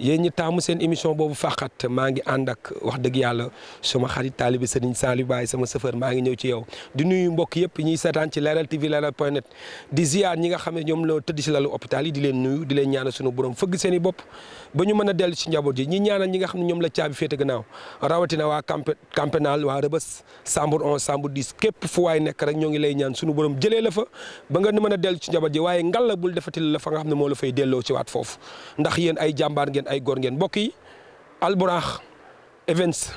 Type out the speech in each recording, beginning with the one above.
yéen ñi taamu seen émission boobu faqat maa ngi ànd ak wax dëgg yàlla suma xarit taalibi sëriñ Saliou Baye sama sëfër maa ngi ñëw ci yow di nuyu mbokk yëpp ñuy seetaan ci Leral TV Leral point net di ziar ñi nga xam ne ñoom la tëdd si lalu hôpital yi di leen nuyu di leen ñaanal sunu borom fëgg seen mën a dellu ci njaboot yi ñi ñaanal nga xam ne ñoom la caabi féete gannaaw rawatina waa camp camp pénal waa Rebeuss Sambour 11 Sambour waay nekk rek ñoo ngi lay ñaan sunu borom jëlee la fa ba nga mën a dellu ci njaboot yi waaye ngalla bul defati la fa nga xam ne moo la fay delloo ci waat foofu ndax yéen ay jàmbaar ngeen ay góor ngeen mbokk yi Albourakh Events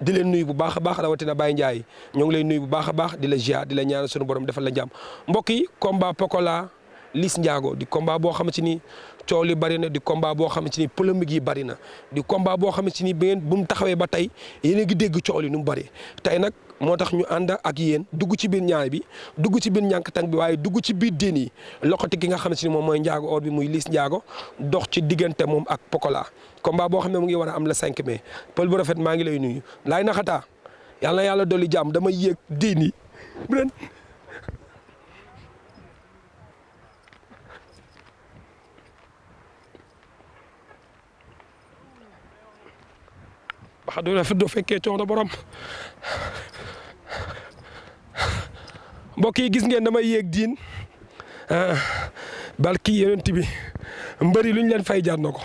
di leen nuyu bu baax a baax rawatina Baye Ndiaye ñoo ngi lay nuyu bu baax a baax di la ziar di la ñaanal sunu borom defal la jàmm mbokk yi combat Pokola lis njaago di combat boo xamante ni coow li bari na di combat boo xamante ni polémique yi bari na di combat boo xamante ni bu bu mu taxawee ba tey yéen a ngi dégg cooli nu mu bari tey nag. moo tax ñu ànd ak yéen dugg ci biir ñaay bi dugg ci biir ñànkatang bi waaye dugg ci biir diin yi loxoti ki nga xam ne si moom mooy njaago or bi muy liis njaago dox ci diggante moom ak Pokola combat boo xam ne mu ngi war a am la cinq mais pël bu rafet maa ngi lay nuyu laay naxataa yàlla yàlla dolli jàmm dama yéeg diin yi wax dëgg yàlla fi mbokk yi gis ngeen dama yéeg diin ah, balki yonent bi mbëri luñ leen fay jaar na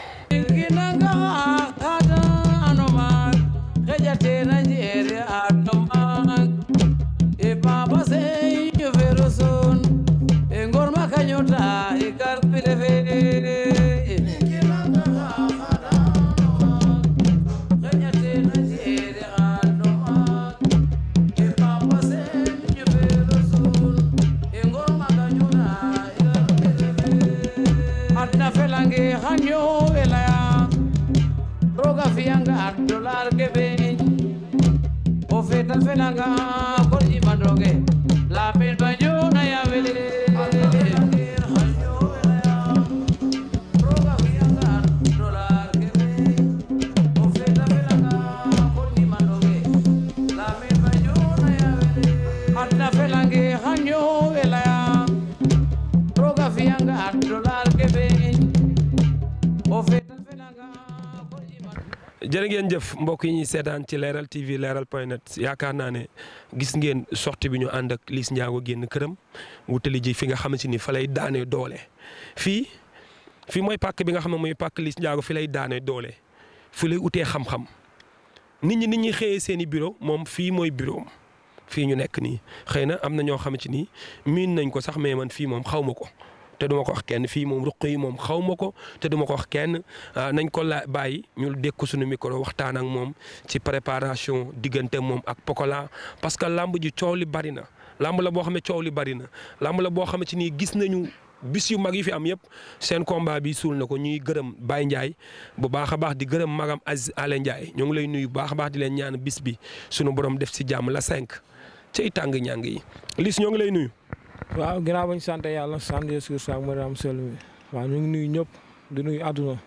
jërë ngeen jëf mbokk yi ñuy seetaan ci leeral TV leeral point net yaakaar naa ne gis ngeen sortie bi ñu ànd ak Liss Ndiago génn këram wutali ji fi nga xam si ni fa lay daanee doole. fii fii mooy pàkk bi nga xam ne mooy pàkk Liss fi lay daanee doole fi lay utee xam nit ñi nit ñi xëyee seen i bureau moom fii mooy bureau fii ñu nekk nii xëy na am na ñoo xam ci ni miin nañ ko sax mais man fii moom xaw ma ko. te duma ko wax kenn fii moom ruq yi moom xaw ma ko te duma ko wax kenn ah, nañ ko la bàyyi ñu dékku suñu micro waxtaan ak moom ci préparation diggante moom ak Pokola parce que lamb ji coow li bari na lamb la boo xam ne coow li bari na lamb la boo xam ne ci nii gis nañu. bis yu mag yi fi am yëpp seen combat bi suul na ko ñuy gërëm Baye Ndiaye bu baax a baax di gërëm magam Aziz Alain Ndiaye ñoo ngi lay nuyu bu baax a baax di leen ñaan bis bi sunu borom def ci jàmm la cinq cay tàng ñàng yi Liss ñoo ngi lay nuyu. waaw ginnaaw bañ sant yàlla sant Yeesu Kirist ak Mariam sell mi waaw ñu ngi nuyu ñëpp di nuyu àdduna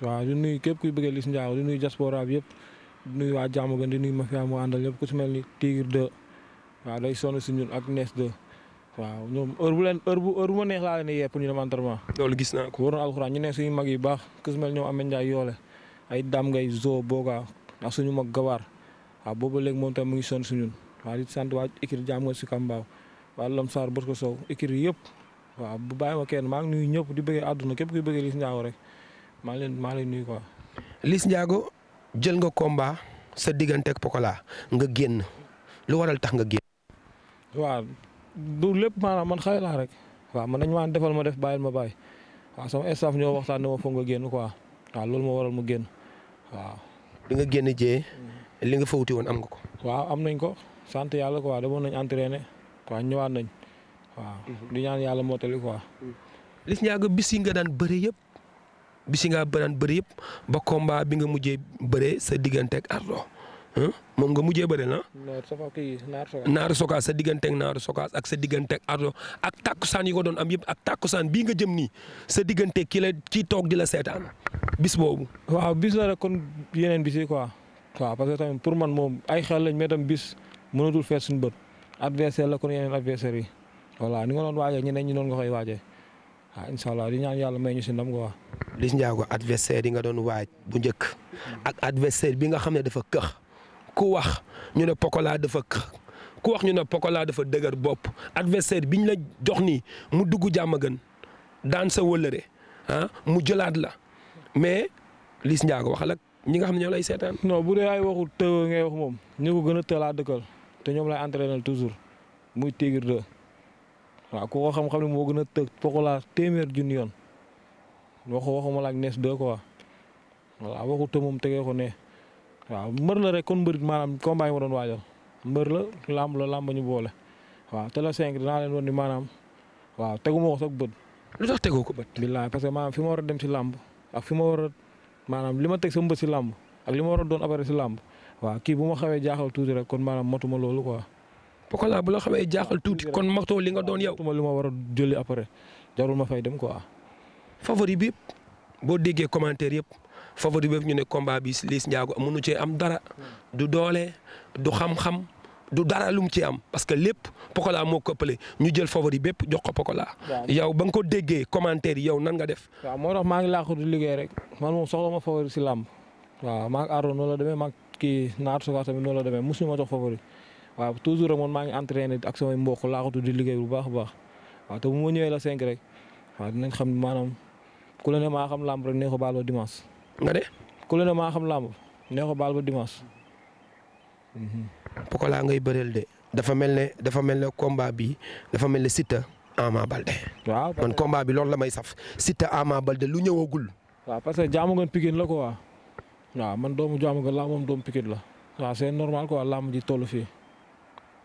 waaw di nuyu képp kuy bëggee Liss Ndiago di nuyu diaspora bi yëpp di nuyu waa Diamaguène di nuyu mafia moo àndal yëpp ku si mel ni Tigre 2 waaw day sonn si ñun ak Nes bu leen heure ma neex laa leen di yee pour ñu dem entraînement. gis naa ko. war na alxuraan ñu ne yu baax ku si mel ñoom Amady Ndiaye yoole ay Dame Ngay Zo Boga ak suñu ma gawaar waaw boobu léegi moom tam mu ngi sonn si waa di sant waa Ikir Diamaguène si Kambaaw waa Lamsaar Bosco Sow écrit yëpp waaw bu bàyyi ma kenn maa ngi nuyu ñëpp di bëggee àdduna képp kuy bëggee Liss Ndiago maa ngi leen maa nuyu quoi. Liss Ndiago jël nga combat sa digganteeg Pokola nga génn waral tax nga génn. waaw du lépp maanaam man xale laa rek waaw man dañu maan defal ma def bàyyil ma bàyyi waaw sama staff ñoo waxtaan ne ma foog génn quoi waaw loolu moo waral ma génn waaw. di nga génn jee mm. li nga fawuti woon am nga ko. waaw am nañ ko sant yàlla quoi demoon nañ entraîné. quoi ñëwaat nañ waaw. Mhm. di ñaan yàlla moo mottali quoi. Mhm. Liss Ndiago bis yi nga daan bëri yëpp bisi yi nga daan bëri yëpp ba komba bi nga mujjee bëree sa diggante ak Ardo moom nga mujjee bëri na. Naaru Sokaas sa digganteek ak Naaru Sokaas ak sa diggante ak Ardo ak takkusaan yi ko doon am yëpp ak saan bii nga jëm nii sa diggante ki la ki toog di la seetaan bis boobu. waaw bis la rek kon yeneen bis yi quoi. tamit pour man moom ay xel lañ mais tam bis mënatul fees suñu bët. adversaire la kon yeneen adversaire yi voilà ni nga doon waajee ñeneen ñi noonu nga koy waajee ah incha allah di ñaan yàlla may ñu si ndam quoi. Liss Ndiago adversaire yi nga doon waaj bu njëkk ak adversaire bi nga xam ne dafa këx ku wax ñu ne Pokola laa këx ku wax ñu ne Pokola dafa dëgër bopp adversaire biñ la jox nii mu dugg jàmm gën daan sa wëllëre ah, mu jëlaat la mais Liss Ndiago waxal ak ñi nga xam ne ñoo lay seetaan. non bu dee ay waxu tëw ngay wax moom ñu ko gën a tëlaat dëkkal. te ñoom lay entraîner toujours muy Tigre 2 waaw ku xam-xam ne moo gën a tëg Pokola téeméer junni yoon waxu waxuma ak nees 2 quoi voilà waxu te moom tegee ko ne waaw mbër la rek kon mbërit maanaam combat yi ma mbër la làmb la làmb ñu boole waaw te la 5 dinaa leen wan ni maanaam waaw teguma ko sax bët. lu tax tegoo ko bët. billaay parce que maanaam fi ma war a dem si làmb ak fi ma war a maanaam li ma teg sa mbët si làmb ak li ma war a doon appareil si làmb waaw kii bu ma xawee jaaxal tuuti rek kon maanaam matuma loolu quoi. Pokola bu la xawee jaaxal tuuti kon matoo li nga doon yow. matuma ma lu a jëli après jarul ma fay dem quoi. favori bi boo déggee commentaire yëpp favori bi ñu ne combat bi Liss Ndiago mënu cee am dara. du doole du xam-xam du dara lu mu ci am parce que lépp Pokola moo ko ëppale ñu jël favori bépp jox ko Pokola. yow ba nga ko déggee commentaire yow nan nga def. moo maa ngi laaxut liggéey rek man moom soxla ma favori si làmb waaw maa ngi noonu la demee kii naatu sa kaw tamit noonu la demee mosuñu ma jox favori waaw toujours rek man maa ngi entraîné ak samay mbokk laaxatu di liggéey bu baax a baax waaw te bu ma ñëwee la cinq rek waaw dinañ xam maanaam ku la ne maa xam làmb rek nee ko baal ba dimanche. nga de. ku la ne maa xam làmb nee ko baal ba mhm. ngay bëreel de dafa mel ne dafa mel ne komba bi dafa mel ne Siteu Ama Baldé. waaw man combat bi loolu la may saf Siteu waaw man doomu Diamaguène laa moom doomu Pikine la waaw c'est normal quoi fii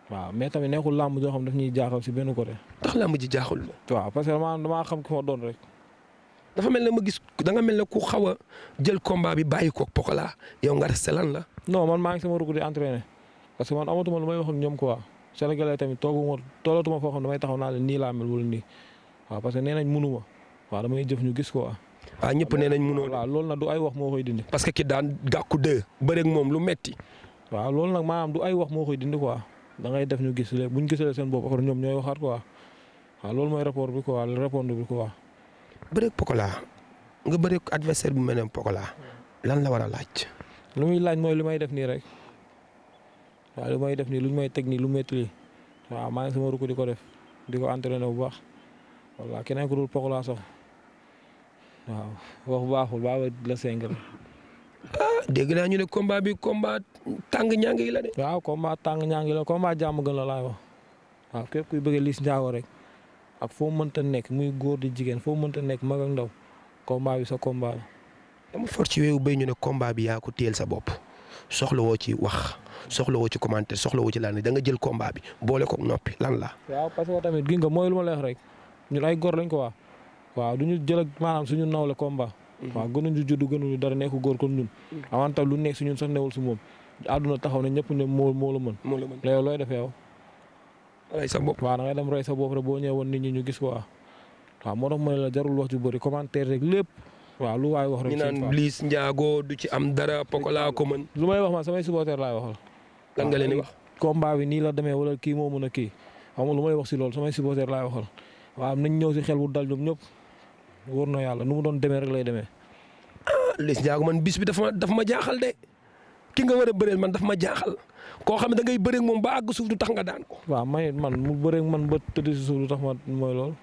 waaw mais tamit nekkul làmb joo xam daf ñuy jaaxal si benn côté. ndax làmb ji jaaxul la. waaw parce que damaa damaa xam ki ma doon rek. dafa mel ne ma gis da nga mel ne ku xaw a jël combat bi bàyyi ko Pokola yow nga resté lan la. non man maa ngi sama rukk di entraîner parce que man amatuma lu may wax ak ñoom quoi Sénégalais tamit tooguma toolatuma foo xam damay taxaw naa leen nii laa mel wala nii waaw parce que nee nañ mënuma waaw damay jëf ñu gis quoi. ah ñëpp nee nañ mënoo. waaw loolu nag du ay wax moo koy dindi. parce que ki daan gàkku dë bëreeg moom lu metti waaw loolu nag maanaam du ay wax moo koy dindi ko da ngay def ñu gis bu ñu gisalee seen bopp après ñoom ñooy loolu mooy rapport bi quoi le rapport bi quoi. bëreeg Pokola nga bëreeg adversaire bu mel ne Pokola lan la war a laaj. lu muy laaj mooy li may def nii rek waaw li def nii lu may teg nii lu métti lii waaw maa ngi sama rukk di ko def di ko entraîné bu baax walla keneen ku dul Pokola sax. waaw wax baaxul baaxul la seng la. ah dégg naa ñu ne combat bi combat tàng ñàng yi la de. waaw combat tàng ñàng yi la combat jàmm gën la laay wax waaw képp kuy bëggee Liss rek foo mënta nekk muy góor di jigéen foo mënta nekk mag ak ndaw combat bi sa dama for ci wéyu béy ñu ne combat bi yaa ko téel sa bopp soxla woo ci wax soxlawoo ci commentaire soxlawoo ci lan da nga jël komba bi boole ko noppi lan waaw parce que tamit gi nga mooy ma lay rek ñun ay góor lañ ko waa waaw du ñu jël ak maanaam suñu nawle combat. Mhm. waaw gënuñu juddu gënuñu dara nekku góor kon ñun. Mhm. avant lu nekk si ñun sax newul si moom. àdduna taxaw na ñëpp ne moo moo la moo la mën looy def yow. sa bopp waaw dem rey sa bopp rek boo ñëwoon nit ñi ñu gis ko waaw. moo tax ma ne la jarul wax ju bëri commentaire rek lépp. waaw lu waay wax rek. ñu naan Liss Ndiago du ci am dara Pokola ko mën. lu may wax man samay supporters laay waxal. lan nga leen di wax. combat bi nii la demee wala kii moo mën a kii xam lu may wax si loolu samay supporters laay waxal waaw nañ ñëw si xel wu dal ñoom ñëpp wóor na yàlla nu mu doon demee rek lay demee. Liss Ndiago man bis bi dafa ma ma jaaxal de ki nga war a bëreel man daf ma jaaxal koo xam dangay da moom ba àgg suuf du tax nga daan ko. waaw man mu bëree man ba tëdd si suuf du tax ma mooy loolu.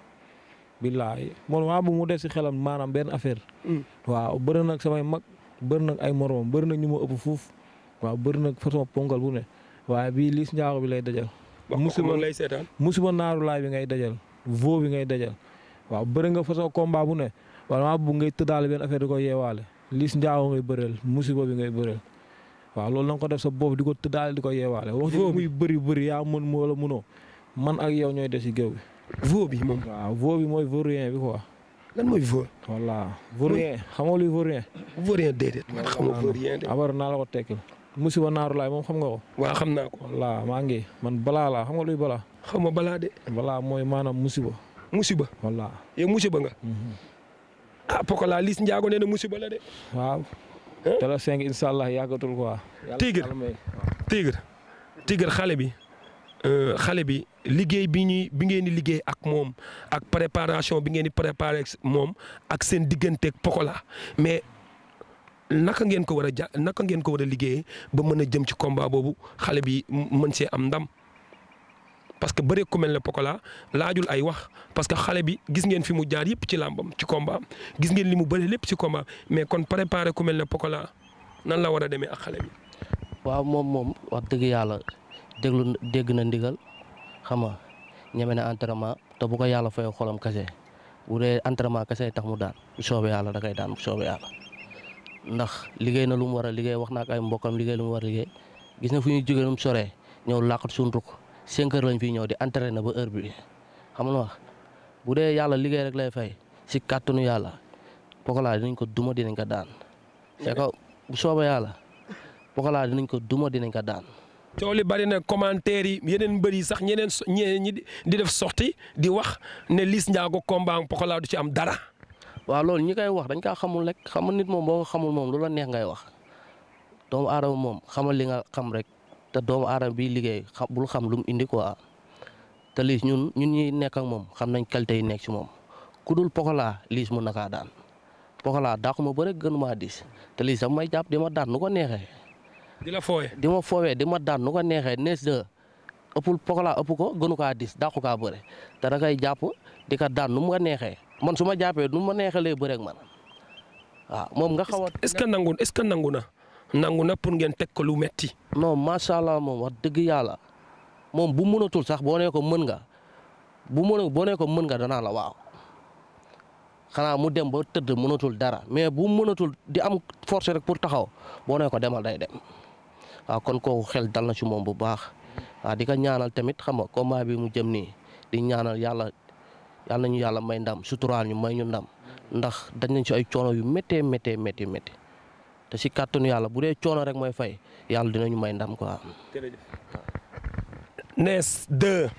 billaay moom waa bu mu des si xelam maanaam benn affaire. Mm. waaw bëri nag samay mag bëri nag ay moromam bëri nag ñu ma ëpp fuuf waaw bëri nag façon ponkal bu ne waaye bii Liss Ndiago bi lay dajal. musiba lay seetaan musiba naaru laay bi ngay dajal voo bi ngay dajal. waaw bëri nga façon combat bu ne wala maa bëgg ngay tëddaale benn affaire di ko yeewaale liis njaawo ngay bëreel musiba bi ngay bëreel waaw lool na ko def sa bopp di ko tëddaal di ko yeewaale wax ji muy bëri bëri yaa mën mu wala mënoo man ak yow ñooy des si géew bi veau bi moom waaw bi mooy vaurien bi quoi lan mooy vaur voilà vaurien xam nga luy vaurien vaurien déedéet man xam nga vaurien de naa la ko tekkil musiba naaru laay moom xam nga ko waa xam naa ko voilà maa ngi man balaa laa xam nga luy balaa xam nga balaa de balaa mooy maanaam musiba musiba. wallaahi yow musiba nga. Mhm. ah Pokola Liss Ndiago nee na musiba la de. waaw. te la cinq incha allah yàggatul quoi. Tigre xale bi. Euh, xale bi liggéey bi ñuy bi ngeen di liggéey ak moom ak préparation bi ngeen di préparer moom ak seen digganteeg Pokola mais naka ngeen ko war a ja naka ngeen ko war a liggéeyee ba mën a jëm ci combat boobu xale bi mën see am ndam. parce que bëre ku mel ne laa laajul ay wax parce que xale bi gis ngeen fi mu jaar yëpp ci làmbam ci combat gis ngeen li mu bëre lépp ci combat mais kon préparer ku ne ne Pokola nan la war a demee ak xale bi. waaw moom moom wax dëgg yàlla déglu dégg na ndigal xam nga ñeme ne entraînement te bu ko yàlla fay xolam kase bu dee entraînement kese tax mu daan bu soobee yàlla da koy daan bu soobee yàlla. ndax liggéey na lu mu war a liggéey wax na ak ay mbokkam liggéey lu war a gis na fu ñuy jógee nu mu soree ñëw làqat suñu cinq heures lañ fiy ñëw di entraîné ba heure bi xam nga wax bu dee yàlla liggéey rek lay fay si kàttanu yàlla Pokola dinañ ko duma dinañ ko daan. c'est que bu soobee yàlla Pokola dinañ ko duma dinañ ko daan. coow li bari na commentaire yi yeneen mbër yi sax ñeneen ñeneen ñi di def sorti di wax ne Liss Ndiago combat Pokola du ci am dara. waaw loolu ñi koy wax dañ kaa xamul rek xamul nit moom boo ko xamul moom lu la neex ngay wax doomu aadama moom xamal li xam rek. te doomu aadama bi liggéey xam bul xam lu mu indi quoi te liis ñun ñun ñuy nekk ak moom xam nañ qualité yi nekk ci moom ku dul pokola liis mun na kaa daan pokola daaxuma ma bëre gën maa diis te liis sama may jàpp di ma daan nu ko neexee. di la fooyee di ma foowee di ma daan nu ko neexee nees de ëppul pokola ëpp ko gënu kaa diis dàqu kaa bëre te da ngay jàpp di ka daan nu mu neexee man suma jàppee nu ma neexee lay bëreeg man waaw moom nga xaw a. est nangu est-ce nangu na. nangu na pour ngeen teg ko lu metti non macha allah moom wax dëgg yàlla moom bu mënatul sax boo nee ko mën nga bu mën boo nee ko mën nga danaa la waaw xanaa mu dem ba tëdd mënatul dara mais bu mënatul di am force rek pour taxaw boo ne ko demal day dem waaw kon kooku xel dal na ci moom bu baax waaw di ko ñaanal tamit xam nga combat bi mu jëm nii di ñaanal yàlla yàlla nañu yàlla may ndam suturaal ñu may ñu ndam ndax dañ nañ ci ay coono yu méttee méttee métti métti te si kàttanu yàlla bu dee coono rek mooy fay yàlla dinañu may ndam quoi. nees deux.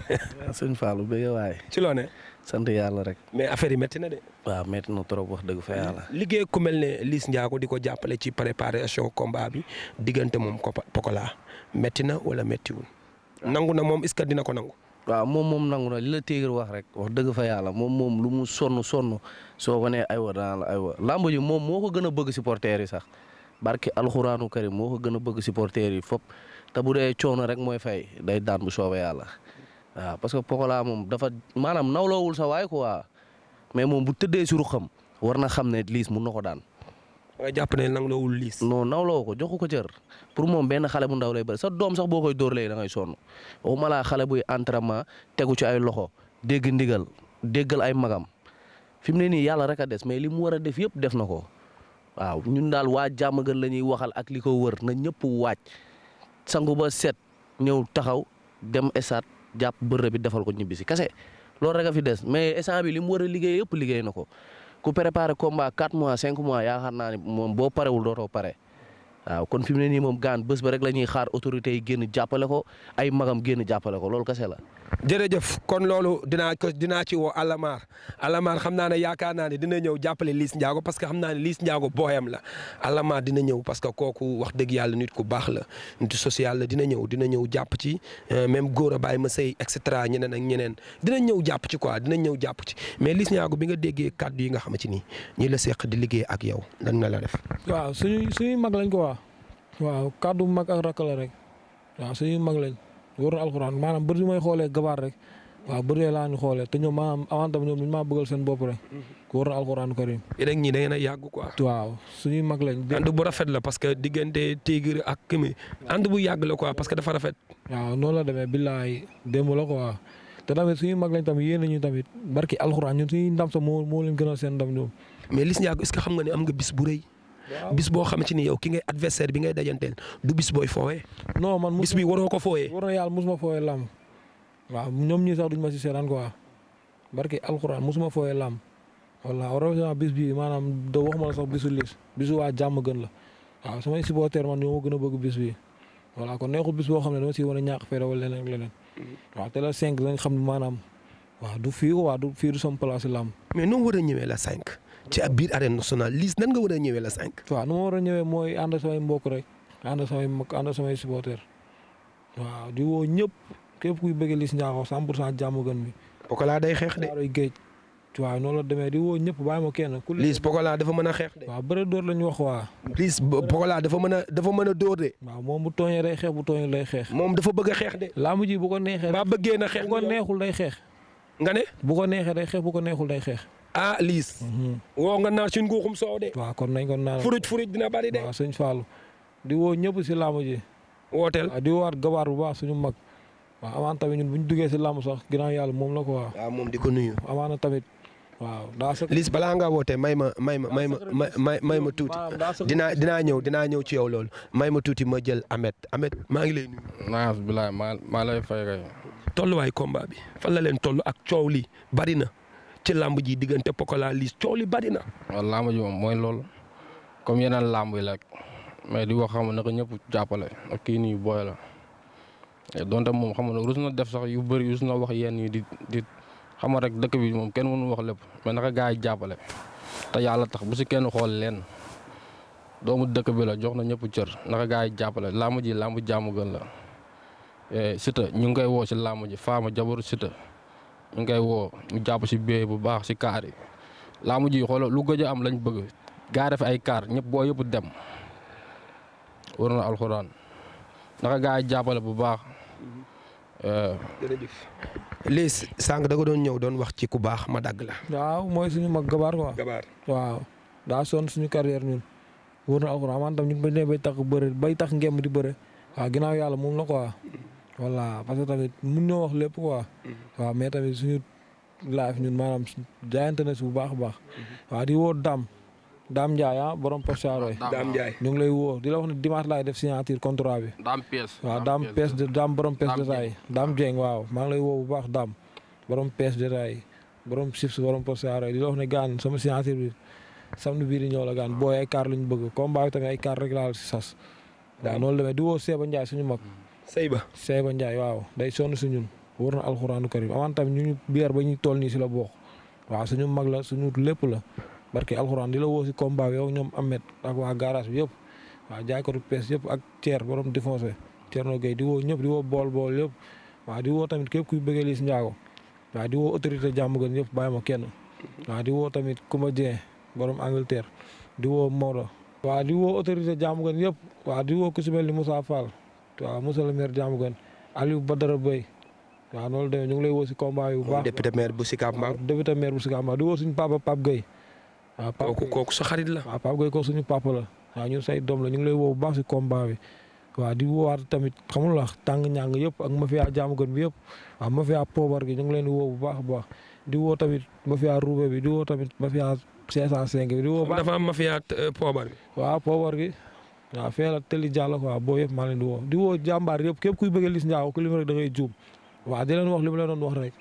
sëñ Fallou bëgg waaye. ci loo ne. sant yàlla rek. mais affaire yi métti na de. waaw métti na trop wax dëgg fa yàlla. liggéey ku mel ne Liss Ndiago di ko jàppale ci préparation combat bi diggante moom Pokola métti na wala méttiwul nangu na moom est dina ko nangu. waaw moom moom nangu na li la téegër wax rek wax dëgg fa yàlla moom moom lu mu sonn sonn soo ko nee aywa dana la aywa làmb ji moom moo ko gën a bëgg supporters yi sax barki alxuraanu karim moo ko gën a bëgg supporters yi fop te bu dee coono rek mooy fay day daan bu soobee yàlla waaw parce que Pokola moom dafa maanaam nawloowul sa waay quoi mais moom bu tëddee si ruqam war na xam ne liis mun na ko daan. nga jàpp ne nanguloowul liis. non nawloo ko joxu ko cër pour moom benn xale bu ndaw lay bëri sa doom sax boo koy dóor léegi da ngay sonn waxuma laa xale buy entraînement tegu ci ay loxo dégg ndigal déggal ay magam fi mu ne nii yàlla rek a des mais li mu war a def yëpp def na ko waaw ñun daal waa jàmm gën la ñuy waxal ak li ko wër na ñëpp waaj sangu ba set ñëw taxaw dem esaat jàpp bërë bi defal ko ñibbisi kese loolu rek fi des mais instant bi li mu war a liggéey yëpp liggéey na ko. ku préparé combat 4 mois 5 mois yaakaar na ne moom boo parewul dootoo pare waaw kon fi mu ne nii moom gaan bës ba rek la ñuy xaar autorités yi génn jàppale ko ay magam génn jàppale ko loolu kese la. jërëjëf kon loolu dinaa ko dinaa ci woo Alamar Alamar xam naa ne yaakaar naa ne dina ñëw jàppale Liss Ndiago parce que xam naa ne Liss Ndiago booyam la Alamar dina ñëw parce que kooku wax dëgg yàlla nit ku baax la nit social la dina ñëw dina ñëw jàpp ci euh, même góor a bàyyi ma sey et cetera ñeneen ak ñeneen dina ñëw jàpp ci quoi dina ñëw jàpp ci mais Liss Ndiago bi nga déggee kàddu yi nga xamante ni ñi la seq di liggéey ak yow lan nga la def. waaw suñuy mag lañ ko waaw. waaw kàddu mag ak rakk la rek waaw mag lañ. wóor na alxuraan maanaam bëri may xoolee gabaar rek waaw bëri laa ñu xoolee alxuraan karim yéen ak bu rafet la parce que diggante Tigre ak Kimi ànd bu yàgg la quoi parce que dafa rafet waaw noonu la demee billaay démb te tamit suñuy mag lañ tamit yéen ñu tamit barki alxuraan ñun suñuy ndam sax moo moo leen gënal seen ndam ñoom mais Liss Ndiago est xam nga ne am nga bis bu bis boo xamante ni yow ki ngay adversaire bi ngay dajanteel du bis booy foowee. non man bis bi waroo ko foowee. war na yàlla mosuma foowee làmb. waaw ñoom ñii sax duñ ma si seetaan quoi barki alxuraan mosuma foowee làmb. wallaahi rawatina bis bii maanaam doo wax ma la sax bisu liis waa jàmm gën la waaw samay supporter man ñoo ma gën a bëgg bis bi voilà kon neexul bis boo xam ne dama si war a ñàkk fayda wala leneen ak leneen. waaw te la cinq lañ xam maanaam waaw du fii waa du fii du lam mais nu war a ñëwee la cinq. ci ab biir arène nationale liis nan nga war a ñëwee la cinq. waaw nu ma war a ñëwee mooy ànd samay mbokk rek ànd samay mbokk ànd samay supporter waaw di woo ñëpp képp kuy bëgg liis Ndiakho 100 pour cent jàmm gën mi. Pokola day xeex de. géej waaw noonu la di woo ñëpp bàyyi ma kenn. ku liis Pokola dafa mën a xeex de. waaw bëre la ñu wax waa. liis Pokola mën a dafa mën a dóor de. moom bu tooñee day xeex bu tooñee lay xeex. moom dafa bëgg a xeex de. laamu ji bu neexee. ba bëggee na xeex bu ko neexul day xeex. nga ne. bu ko neexee day xeex bu ko neexul day xeex. ah liis. Mhm. woo nga naat suñ guuxum soow de. waaw kon nañ ko naan furuj furuj dina bari de. waaw sëñ Fallou di woo ñëpp si làmb ji. wooteel di woowaat gabaar bu baax suñu mag. waaw amaan tamit ñun bu ñu duggee si làmb sax ginnaaw yàlla moom la quoi. waaw moom di ko nuyu. amaana tamit. waaw daa sëkk Liss balaa ngaa wootee may ma may ma may ma may may ma tuuti dinaa dinaa ñëw dinaa ñëw ci yow loolu may ma tuuti ma jël Amet Amet maa ngi lay nuyu. naas bilaay maa maa lay fay tolluwaay combat bi fan la leen toll ak coow li bari na. ci làmb ji diggante Pokola liis coow li bari na. waaw làmb ji moom mooy lool comme yeneen làmb yi la mais di wax xam nga naka ñëpp jàppale ak kii nii booy la donte moom xam nga rus na def sax yu bëri rus na wax yenn yi di di xam rek dëkk bi moom kenn mënu wax lépp mais naka gaa jàppale te yàlla tax bu si kenn xool leen doomu dëkk bi la jox na ñëpp cër naka gaa yi jàppale làmb ji làmb jàmm gën la Siteu ñu ngi koy woo si làmb ji faama jabaru Siteu ñu koy woo mu jàpp si bee bu baax si kaar yi laa mu ji lu gëj am lañ bëgg gaa def ay kaar ñëpp boo yëpp dem war na alxuraan naka gaa yi jàppale bu baax. Mm-hmm. jërëjëf euh, Liss sànq da nga doon ñëw doon wax ci ku baax ma dagg la. waaw mooy suñu mag gabaar quoi. gabaar waaw daa sonn suñu carrière ñun. wóor alxuraan man ñu ngi bay tax bëre bay tax ngem di bëre waaw ginnaaw yàlla moom la quoi. voilà parce que tamit mu ñoo wax lépp quoi. Mhm. waaw mais tamit suñu ñun maanaam jaayante na si bu baax a baax. Mhm. waaw di woo dam Dame Ndiaye ah borom Poste Thiaroye. Dame Ndiaye ngi lay woo di la wax ne dimanche laay def signature contrat bi. Dame Pièce waaw Dame Pièce de Dame borom Pièce de taille. dam Dieng waaw maa ngi la woo bu baax Dame borom Pièce de taille borom chips borom Poste di la wax ne gaan sama signature bi samedi bii di ñëw la gaan ah. booy ay kaar la ñu bëgg combat bi tamit ay kaar rek laal si sas. waaw mm. noonu la di woo Seba Ndiaye suñu mag. Mm. Seyba Seyba Ndiaye waaw day sonn si ñun wër na alxuraanu karim avant tamit ñu ñu biir ba ñu toll nii si la bokk waaw suñu mag la suñu lépp la barke alxuraan di la woo si combat bi yow ñoom Ahmed ak waa garage bi yëpp waaw jaaykatu pees yëpp ak Thier borom défoncé Thierno Gueye di woo ñëpp di woo bool bool yëpp waaw di woo tamit képp kuy bëggee Liss Ndiago waaw di woo autorité jàmm di woo tamit Coumba Dieng borom Angleterre di woo Maodo di woo autorité waaw monsieur le maire Diamaguène Aliou Badara Bey waaw noonu la demee lay woo si combat yi bu bu Sicap Mbao député maire bu Sicap sa xarit la waaw Pape Gueye kooku suñu papa ñun say doom la ñu ngi lay woo bu baax si combat bi tamit xamul la tàng ñàng yëpp ak mafia Diamaguène bi yëpp waaw poobar gi ñu ngi leen di woo bu baax baax di woo tamit mafia Roubaix bi di woo tamit mafia 505 bi di woo dafa am mafia euh, poobar bi waaw poobar gi waa fee la tëli jàll quoi boo yëpp maa leen di woo di woo jàmbaar yëpp képp kuy bëgg Liss Ndiago ku lim rek da ngay juum waaw di leen wax li ma leen doon wax rek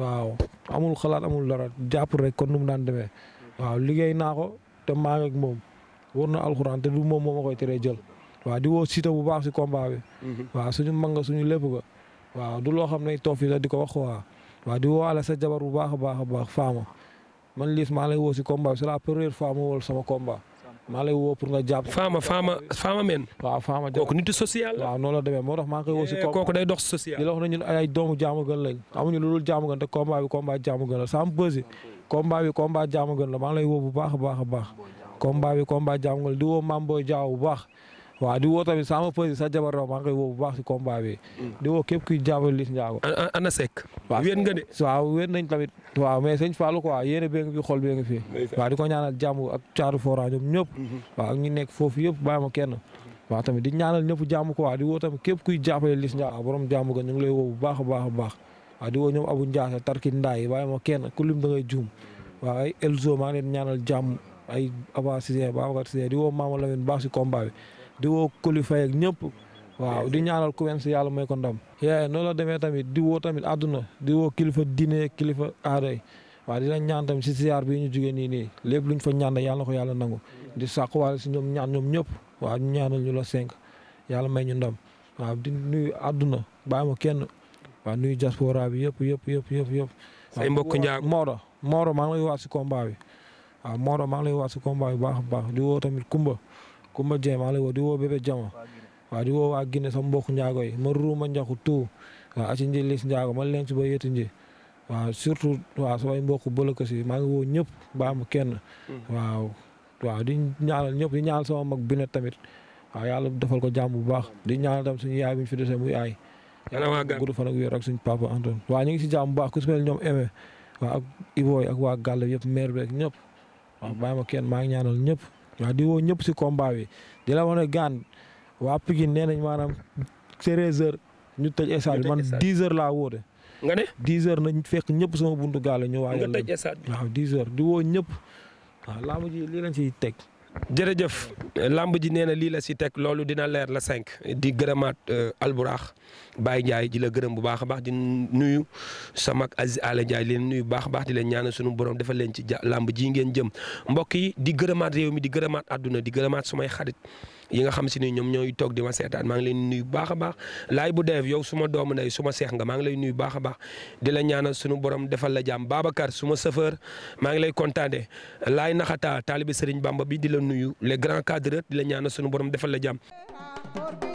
waaw amul xalaat amul dara jàpp rek kon nu mu daan demee waaw liggéey naa ko te maa ngi ak na alxuraan te moo ma koy jël waaw di woo Siteu bu baax si combat bi. Mhm. waaw suñu mag suñu lépp nga waaw du loo xam ne toog fii la di ko wax quoi waaw di woo ala sa jabar bu baax a baax a baax faama man liis maa lay woo si combat bi la première fois ma woo sama combat. maa lay woo pour nga jàpp. faama faama faama men. waaw faama jàpp kooku nitu social la. waaw noonu la demee moo tax maa ngi koy eh, kooku day dox social. di la wax ñun ay doomu jaam gën lañ amuñu lu dul jaamu gën te combat bi combat jaamu gën la saa mu bësi. combat bi combat jaamu gën la maa ngi lay woo bu baax a baax a baax combat bi combat jaamu gën la di woo Mame Boye Diao bu baax waaw di woo tamit sama pësi sa jabar raw maa ngi woo bu baax si combat bi di woo képp kuy jàppale Liss Ndiago ana Seck waaw nga de waaw wéen nañ tamit waaw mais sëñ Fallou quoi yéene bee ngi fi xol bee ngi fi waaw di ko ñaanal jàmm ak caaru fora ñëpp mhm. waaw nekk foofu yëpp bàyyi ma kenn waaw tamit di ñaanal ñëpp jàmm quoi di woo tamit képp kuy jàppale Liss Ndiago borom jàmm ga ngi lay woo bu baax a baax a baax waaw di woo ñoom Abou Ndiassé tarki kenn ku lim da ngay juum waaw ay maa ngi leen ñaanal jàmm ay avancé Babacar Cissé di woo Maama Lamine baax si combat bi di woo Coly ñëpp waaw di ñaanal ku si yàlla mooy ko ndam. yee noonu la demee tamit di woo tamit àdduna di woo kilifa diine kilifa aaday waaw dina ñaan tamit si siyaar bi ñu jugee nii nii lépp luñ fa ñaan yàlla na ko yàlla nangu di sàq waale si ñoom ñaan ñoom ñëpp waaw ñu ñaanal ñu la yàlla may ñu ndam waaw di nuyu àdduna bàyyi ma kenn waaw nuyu diaspora bi yëpp yëpp yëpp yëpp yëpp. mbokk Ndiago Moro Moro maa ngi lay waat si waaw Moro maa ngi lay waat si combat bi baax baax di woo tamit Kumba. Kumba Dieng maa ngi lay woo di woo bébé Jama waaw di woo waa Guinée sama mbokku njaago yi ma ruuma njaxu tout waaw aci nji lis njaago ma leen ci ba yetu nji waaw surtout waaw samay mbokku boloka si maa ngi woo ñëpp baa mu kenn waaw waaw di ñaanal ñëpp di ñaanal sama mag binet tamit waaw yàlla defal ko jàmm bu baax di ñaanal suñu yaay bi ñu fi desee muy aay yàlla gudd ñu ngi si jàmm bu baax ku si mel ñoom Aimé waaw ak ak waa Gàll yëpp maire bi ak ñëpp waaw ma kenn maa ngi ñaanal ñëpp waaw di ñëpp si combat bi di la wane gaan waa Pikine nee nañ maanaam 13h ñu tëj stade bi man 10h laa woo nga ne 10h nañ fekk ñëpp sama buntu gaal la ñu. waajal nga tëj stade bi waaw ñëpp. waaw laa mujj lii lañ ciy teg. jërëjëf lamb ji nee na lii la si teg loolu dina leer la cinq di gërëmaat euh, Alburax Baye Ndiaye di la gërëm bu baax a baax di nuyu sama ak Aziz Ala Ndiaye leen nuyu baax a baax di leen ñaanal sunu borom dafa leen ci lamb ji ngeen jëm mbokk yi di gërëmaat réew mi di gërëmaat àdduna di gërëmaat sumay xarit. yi nga xam si ni ñoom ñooy toog di ma seetaan maa ngi leen nuyu baax baax laay bu deef yow su ma doomu suma su seex nga maa ngi lay nuyu baax baax di la ñaanal suñu borom defal la jàmm Babacar su ma chauffeur maa ngi lay kontaane laay naxataa taalibi Serigne Bamba bi di la nuyu les grands cadres di la ñaana suñu borom defal la jàmm